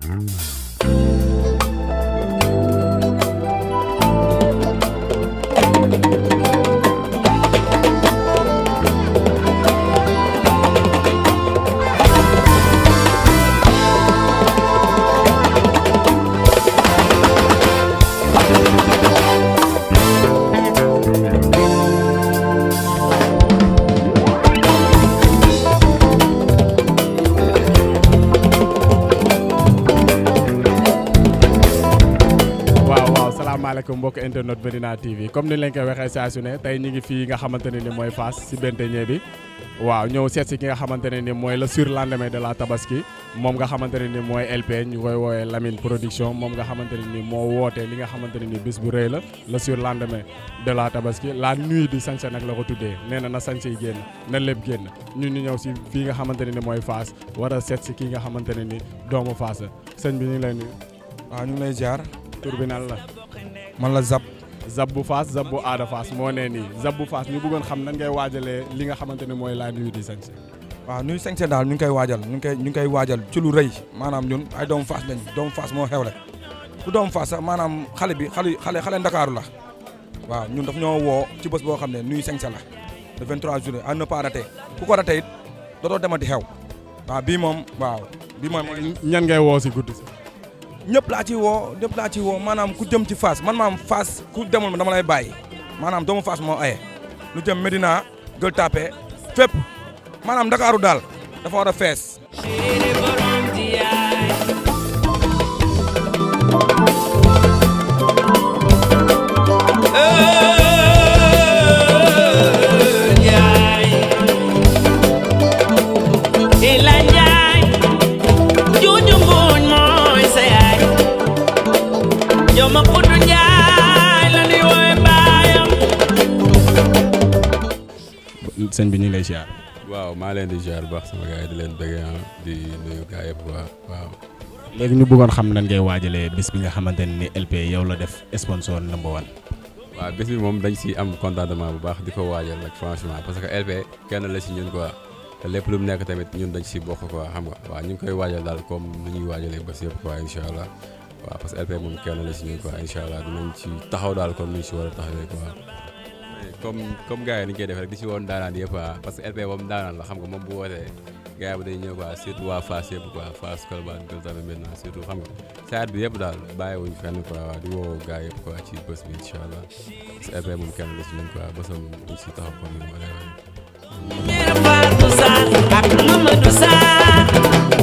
Mm. mbokk internet Medina TV comme ni leen koy waxee saa su ne tey ñu ngi fii nga xamante ne ni mooy Fass si benteñe bi waaw ñëw seet si ki nga xamante ne ni mooy la surlendemain de la tabaski moom nga xamante ne ni mooy LP ñu koy woowee Lamine production moom nga xamante ne ni moo woote li nga xamante ne ni bis bu rëy la le surlendemain de la tabaski la nuit di sañse nag la ko tuddee nee na na sañse yi génn na lépp génn ñun ñu ñëw si fii nga xamante ne ni mooy Fass a seet si nga xamante ne ni doomu Fass bi ñu ngi lay nuyu. waaw ñu ngi lay jaar. tur la. man la Zab. Zab bu Faas Zab bu Aada Faas moo nee nii Zab bu Faas ñu bëggoon xam nan ngay waajalee li nga xamante ne mooy la nuit du sañse. waaw nuit sañse daal ñu ngi koy waajal ngi koy ñu ngi koy ci lu rëy maanaam ñun ay doomu Faas lañ doomu Faas moo xewle bu doomu Faas sax maanaam xale bi xale xale xale Ndakaaru la waaw ñun daf ñoo woo ci bés boo xam ne nuit sañse la le 23 juillet à ne pas rater ku ko rater it dootoo demati xew waaw bii moom waaw bii moom ñan ngay woo si guddi si ñëpp laa ci woo ñëpp laa ci woo maanaam ku jëm ci Fass man maam Fass ku demul ma dama lay bàyyi maanaam doomu Fass moo aye lu jëm Medina Gueule Tapée fépp maanaam Ndakaaru daal dafa war a fees léegi ñu bëggoon xam nan ngay waajalee bis bi nga xamante ne ni LP yow la def sponsor number one. waaw bés bi moom dañ si am contentement bu baax di ko waajal nag franchement parce que LP kenn la si ñun quoi te lépp lu mu nekk tamit ñun dañ si bokk quoi xam nga waaw ñu ngi koy waajal daal comme ni ñuy waajalee bés yëpp quoi incha allah waaw parce que LP moom kenn la si ñun quoi incha allah dinañ si taxaw daal comme ni ñu si war a taxawee quoi. comme comme gars yi ni ñu koy defee rek di si woon daanaan yëpp quoi ah. parce que LP moom daanaan la xam nga moom bu wootee gars yi ba day ñëw quoi surtout waa Fass yëpp quoi Fass Colobane Gueule Tapée maintenant surtout xam nga saa bi yëpp daal bàyyiwuñ fenn quoi waaw di woo gars yëpp quoi ci bés bi incha allah parce que kenn la si ñun quoi bésam ñu si taxaw comme ni ma lay waxee. ak Mamadou Sarr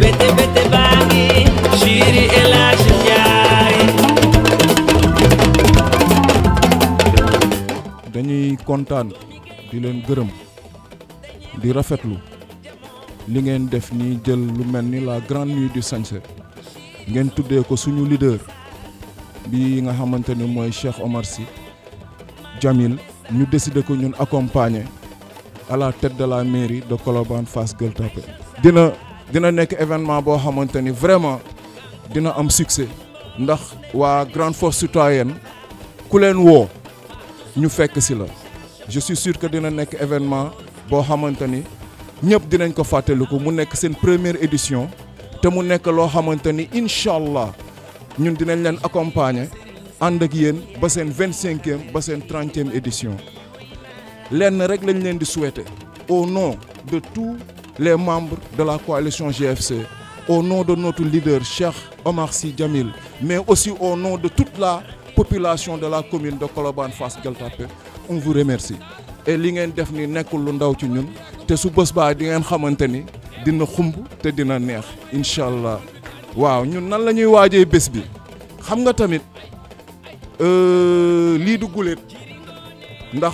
bete bete baa ngi. kontaan di leen gërëm di rafetlu li ngeen def ni jël lu mel ni la grande nuit du Sagnsé ngeen tuddee ko suñu lider bi nga xamante ni mooy Cheikh Omar Sy Jamil ñu décidé ko ñun accompagner à la tête de la mairie de Colobane Fass Gueule Tapée dina dina nekk événement boo xamante ni vraiment dina am succès ndax waa grande force citoyenne ku leen woo ñu fekk si la je suis sûr que dina nekk événement boo xamante ni ñëpp dinañ ko fàttaliku mu nekk seen première édition te mu nekk loo xamante ni incha allah ñun dinañ leen accompagner ànd ak yéen ba seen vingt cinquième ba seen trentième édition lenn rek lañ leen di suwete au nom de tous les membres de la coalition GFC au nom de notre leader Cheikh Omar Sy mais aussi au nom de toute la population de la commune de Colobane Fass Gueule Tapée on vous remercie li ngeen def ni nekkul lu ndaw ci ñun te su bés baa di ngeen xamante ni dina xumb te dina neex incha allah waaw ñun nan la ñuy waajee bés bi xam nga tamit euh, lii du guléet ndax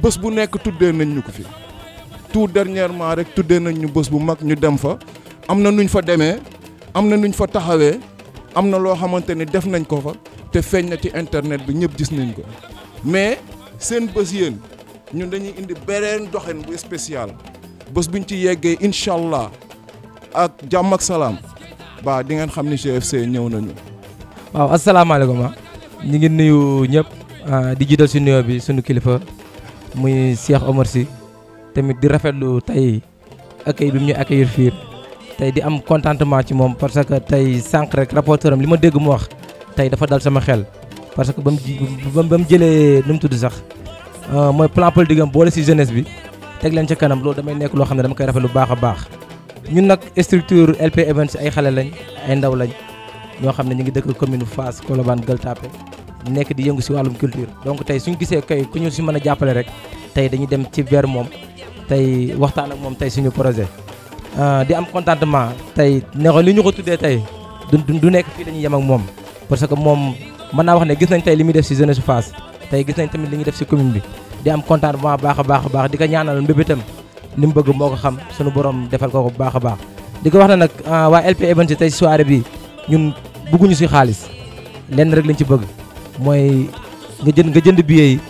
bës bu nekk tuddee nañ ñu ko fi tout dernièrement rek tuddee nañ ñu bës bu mag ñu dem fa am na nuñ fa demee am na nuñ fa taxawee am na loo xamante ni def nañ ko fa te feeñ na ci internet bi ñëpp gis nañ ko mais seen bés yéen ñun dañuy indi beneen doxin bu spécial bés buñ ci yeggee incha allah ak jàmm ak salaam ba di ngeen xam ni GFC ñëw nañu. waaw asalaamaaleykum ah ñu ngi nuyu ñëpp ah, di jiital si nuyo bi suñu kilifa muy Cheikh Omar Sy tamit di rafetlu tey accueil bi mu ñu accueillir fii tey di am contentement ci moom parce que tey sànq rek rapporteur am li ma dégg mu wax tey dafa dal sama xel. parce que ba mu ba mu jëlee nu mu tudd sax euh, mooy plan politique am boole si jeunesse bi teg leen ca kanam loolu damay nekk loo xam ne dama koy rafet lu baax baax ñun nag structure LP Events ay xale lañ ay ndaw lañ ñoo xam ne ñu ngi dëkk commune Fass Colobane Gueule Tapée nekk di yëngu si wàllum culture donc tey suñu gisee kay ku ñu si mën a jàppale rek tey dañuy dem ci vers moom tey waxtaan ak moom tey suñu projet euh, di am contentement tey ne li ñu ko tuddee tey du du nekk fii yem ak moom mën naa wax ne gis nañ tey li muy def si jeunesse Fass tey gis nañ tamit li ñuy def si commune bi di am contentement baax a baax a baax di ko ñaanal mbébétam li mu bëgg moo ko xam sunu boroom defal ko ko bu baax a baax di ko wax ne nag ah, waa LP Events si tey si bi ñun bëgguñu si xaalis lenn rek lañ ci bëgg mooy nga jënd nga jënd billet yi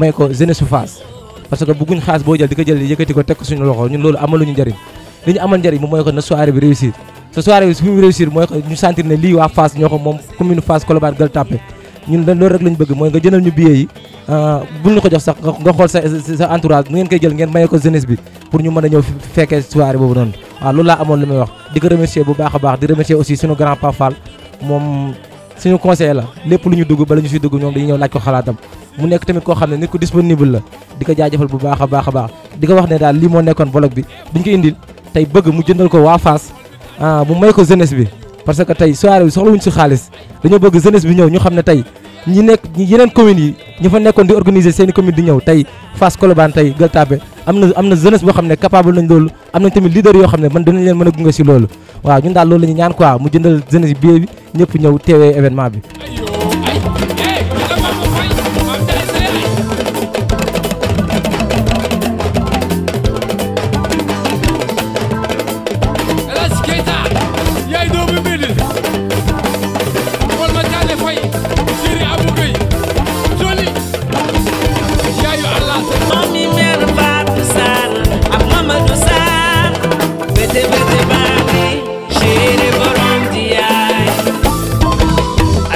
may ko jeunesse Fass parce que bëgguñ xaalis boo jël di ko jël yëkkati ko teg ko suñu loxo ñun loolu amaluñu njëriñ li ñu amal njëriñ moom mooy ko na soirée bi réussir ce soir bi suñu réussir mooy ñu sentir ne lii waa Fass ñoo ko moom commune Fass Colobane Gueule Tapée ñun loolu rek lañu bëgg mooy nga jëndal ñu billets yi ah, bul ñu ko jox sax nga xool sa sa entourage ngeen koy jël ngeen maye ko jeunesse bi pour ñu mën a ñëw fekkee soirée boobu noonu waaw loolu laa amoon lu may wax di ko remercier bu baax a baax di remercier aussi suñu grand Pa moom suñu conseiller la lépp lu ñu dugg bala ñu si dugg ñoom dañuy ñëw laaj ko xalaatam mu nekk la ko a baax ko wax ne daal lii moo nekkoon vlog bi buñ ko indil tey bëgg mu jëndal ah bu may ko jeunesse bi parce que tey soirée bi soxlawuñ si xaalis dañoo bëgg jeunesse bi ñëw ñu xam ne tey ñu nekk yeneen communes yi ñu fa nekkoon di organiser seen i commune di ñëw tey Fass Colobane tey Gueule Tapée am na am boo xam ne capable nañ loolu am nañ tamit leader yoo xam ne man danañ leen mën a gunge si loolu waaw ñun daal loolu la ñu ñaan quoi mu jëndal jeunesse bi bi ñëw teewee événement bi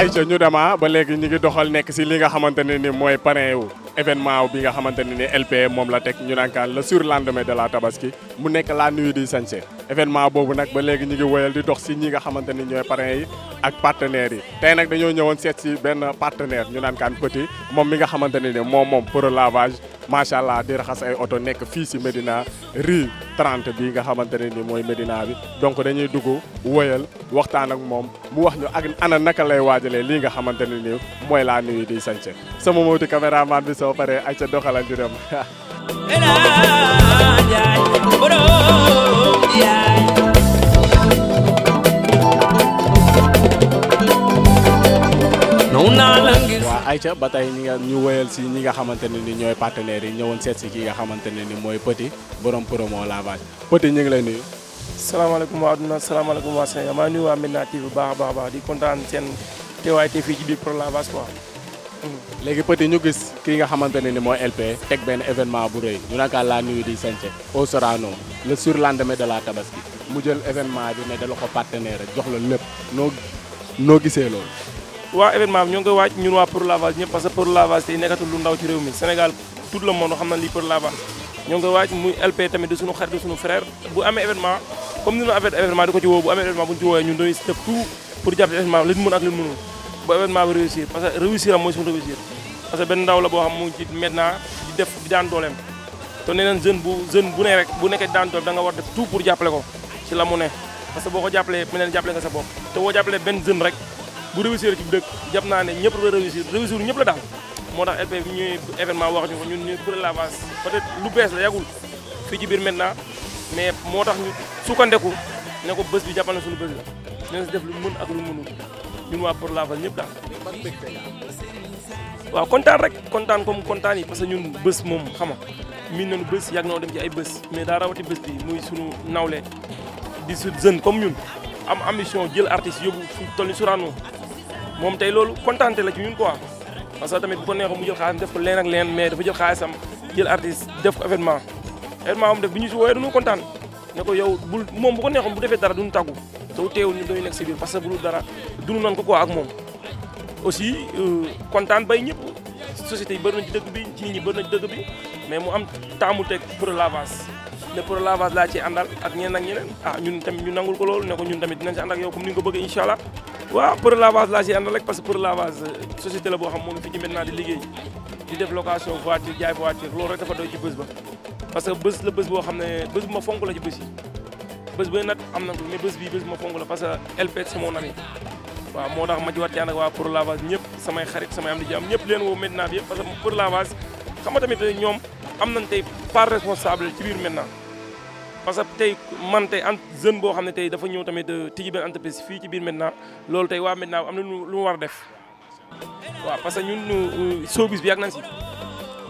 ayca ñu dema ah, ba léegi ñu ngi doxal nekk si li nga xamante ne ni mooy parrain wu événement bi nga xamante ne ni LP moom la teg ñu la sur surlendemain de la tabaski mu nekk la nuit di Sañse événement boobu nag ba léegi ñu ngi woyal di dox si ñi nga xamante ni ñooy parrain yi ak partenaires yi tey nag dañoo ñëwoon seet si benn partenaire ñu nankaan Petit moom mi nga xamante ni moom moom pour lavage macha allah di raxas oto nekk fii si Médina Rue 30 bi nga xamante ne ni mooy Médina bi donc dañuy dugg woyal waxtaan ak moom bu wax ñu ak ana naka lay waajalee lii nga xamante ne ni mooy laa nuyu di sañse sama mawti caméraman bi soo paree ay ca doxalan di dem noonu naa la ngir Aïcha ba tey ñi nga ñu wëyal si ñi nga xamante ne ni ñooy partenaires yi ñëwoon seet si ki nga xamante ne ni mooy Petit borom promo lavage Petit ñu ngi lay nuyu. salaamaaleykum adduna salaamaaleykum waa maa ngi nuyu waa bu baax a baax di kontaan seen teewaay te fii ci biir pro lavage quoi. Hmm. léegi Petit ñu gis ki nga xamante ne ni mooy LP teg benn événement bu rëy ñu naka laa nuyu di sence au Sorano le surlendemain de la tabaski mu jël événement bi ne da la ko partenaire jox la lépp noo noo gisee loolu. waa événement bi ñoo ngi koy waaj ñun waa pour lavage ñëpp parce que pour lavage tey nekkatul lu ndaw ci réew mi Sénégal tout le monde xam na lii pour lavage ñoo ngi waaj muy LP tamit di suñu xarit di suñu bu amee événement comme ni ñu amee événement di ko ci woo bu amee événement bu ñu ci ñun dañuy def tout pour jàpp événement li ñu mën mënul bu événement bi réussir parce que mooy suñu réussir parce benn ndaw la boo xam mu ngi def daan dooleem bu réussir ci dëkk naa ne ñëpp la réussir réussir ñëpp la daal moo tax LP bi ñuy événement wax ñu ko ñun ñu pour la base peut-être lu bees la yàggul fii ci biir maintenant mais moo tax ñu sukkandeku ne ko bés bi jàppal na suñu bés la ñu si def lu mën ak lu mënul ñun waa pour la base ñëpp daal. waaw kontaan rek kontaan comme kontaan yi parce que ñun bés moom xam nga miin nañu bés yàgg nañu dem ci ay bés mais daa rawati bés bi muy suñu nawle di su jeune comme ñun am ambition jël artiste yóbbu fu toll ni Sorano moom tey loolu kontaan la ci ñun quoi parce que tamit bu ko mu jël xaalis def ko leen ak leen mais dafa jël xaalisam jël artiste def ko événement événement am def bi ñu si woowee dañoo kontaan ne ko yow bul moom bu ko neexoon bu defee dara duñu tàggu te teewul ñu doy nekk si biir parce que bu dul dara dunu nan ko quoi ak moom aussi euh, kontaan bay ñëpp société yi bëri nañ ci dëkk bi ci nit ñi bëri nañ ci bi mais mu am taamu teg pour l'avance lépp pour lavage laa ci àndal ak ñeneen ak ñeneen ah ñun tamit ñu nangul ko loolu ne ko ñun tamit dinañ si ànd rek parce que pour lavage euh, société la boo xam moom fi ñu maintenant di liggéey di def voiture jaay voiture loolu rek dafa doy ci bés parce que bés la bés xam ne bés bu ma fonk la nag am na mais bés bii bés parce que LP c'est samay am di jàmm ñëpp leen woo maintenant bi yëpp parce que pour lavage xam tamit ñoom am nañ tey part responsable ci biir maintenant parce que tey man tey en jeune boo xam ne tey dafa ñëw tamit euh, tijji benn entreprise fii ci biir maintenant loolu tey waa maintenant am na lu war a def waaw parce que ñun euh, showbiz bi yàgg nañ si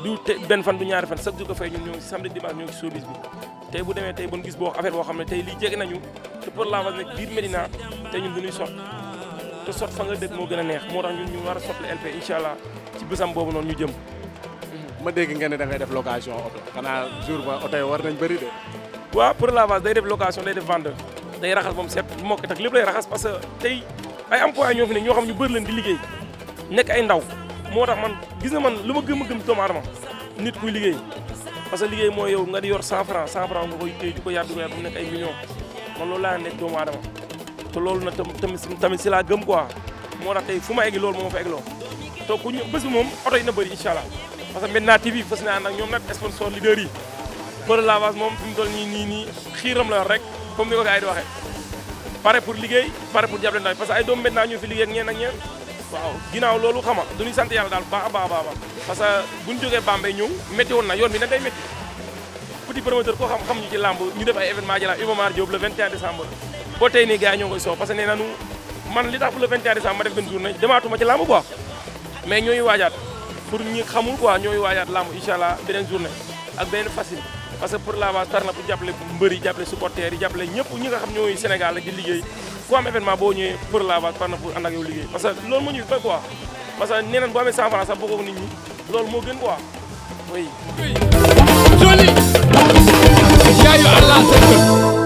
du te benn fan du ñaari fan chaque jour dafay ñun ñoo samedi dimanche ñoo ci showbiz bi tey bu demee tey bon gis boo affaire boo xam ne tey lii jege nañu te pour la base nag biir Médina tey ñun duñuy sot te sot fa nga dëkk moo gën a neex moo tax ñu war a sotle LP incha allah ci bésam boobu noonu ñu jëm ma dégg ngeen ne da ngay def location oto xanaa jour ba oto yi war nañ bëri de. waaw pour l'avance day def location day def vente day raxas moom set bu mokk tak lépp lay raxas parce que tey ay employés ñoo leen di liggéey nekk ay ndaw moo tax man gis na man lu ma gëm a gëm doomu aadama nit kuy liggéey parce que liggéey mooy yow nga di yor 100 francs 100 francs nga koy téye di ko ay millions man loolu laa nekk doomu aadama te loolu nag tamit tamit si laa gëm quoi moo tax tey fu ma egg loolu moo ma fa egg lool ku ñu bi moom oto yi na bëri incha allah parce que Medina TV fas naa ànd ak ñoom nag sponsor leader yi Feu de Lavage moom fi mu toll nii nii nii xiiram la yor rek comme ni ko gars yi di waxee pare pour liggéey pare pour jàppale ndaw parce que ay doomu Medina ñu fi liggéey ñeen ak ñeen waaw ginnaaw loolu xam nga du ñuy sant daal baax a baax parce que bu ñu jógee Bambey ñëw métti woon na yoon bi na day métti petit promoteur koo xam xam ñu ci làmb ñu def ay événement jëlaat Iba Mar Diop le 21 décembre boo ma def benn journée demaatuma ci làmb bu pour ñi xamul quoi ñooy waajaat làmb incha allah beneen journée ak beneen parce que pour la base tar na pour jàppale mbër yi ñëpp ñi nga xam ñooy Sénégal di liggéey ku am événement boo ñëwee pour la base tar na pour parce que loolu moo ñu fay quoi parce que nee nañ amee 100 francs sax ñi loolu moo gën quoi oui. joli yaayu Allah